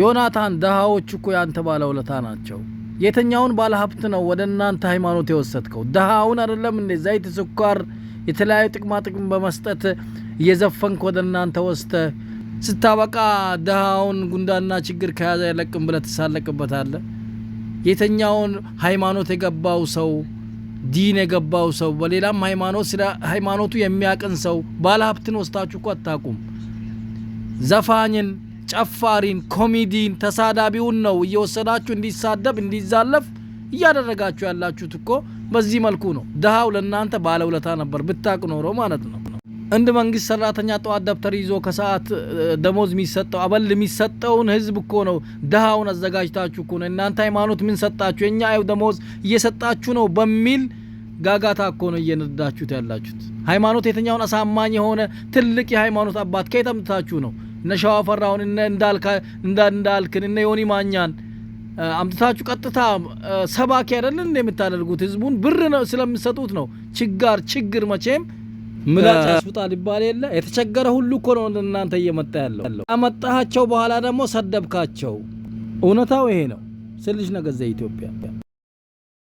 ዮናታን ደሃዎች እኮ ያንተ ባለውለታ ናቸው። የትኛውን ባለሀብት ነው ወደ እናንተ ሃይማኖት የወሰድከው? ደሃውን አይደለም እንዴ? ዘይት፣ ስኳር፣ የተለያዩ ጥቅማ ጥቅም በመስጠት እየዘፈንክ ወደ እናንተ ወስተ ስታበቃ ደሃውን ጉንዳና ችግር ከያዘ ብለ ትሳለቅበት አለ። የተኛውን ሃይማኖት የገባው ሰው ዲን የገባው ሰው በሌላም ሃይማኖት ስለ ሃይማኖቱ የሚያቅን ሰው ባለሀብትን ወስታችሁ እኮ አታቁም። ዘፋኝን ጨፋሪን፣ ኮሚዲን፣ ተሳዳቢውን ነው እየወሰዳችሁ እንዲሳደብ እንዲዛለፍ እያደረጋችሁ ያላችሁት እኮ በዚህ መልኩ ነው። ድሃው ለእናንተ ባለውለታ ነበር ብታቅ ኖሮ ማለት ነው። እንድ መንግስት ሰራተኛ ጠዋት ደብተር ይዞ ከሰዓት ደሞዝ የሚሰጠው አበል የሚሰጠውን ህዝብ እኮ ነው ድሃውን አዘጋጅታችሁ እኮ ነው እናንተ ሃይማኖት ምን ሰጣችሁ የእኛ ው ደሞዝ እየሰጣችሁ ነው በሚል ጋጋታ እኮ ነው እየነዳችሁት ያላችሁት። ሃይማኖት የትኛውን አሳማኝ የሆነ ትልቅ የሃይማኖት አባት ከየት አምጥታችሁ ነው እነ ፈራውን እነ እንዳልክን እነ ዮኒ ማኛን አምጥታችሁ ቀጥታ ሰባኪ አይደለን እንደ የምታደርጉት ህዝቡን ብር ነው ስለምሰጡት ነው። ችጋር ችግር መቼም ምላጭ ያስውጣል ይባል የለ የተቸገረ ሁሉ እኮ ነው እናንተ እየመጣ ያለው። አመጣሃቸው በኋላ ደግሞ ሰደብካቸው። እውነታው ይሄ ነው ስልሽ ነገዘ ኢትዮጵያ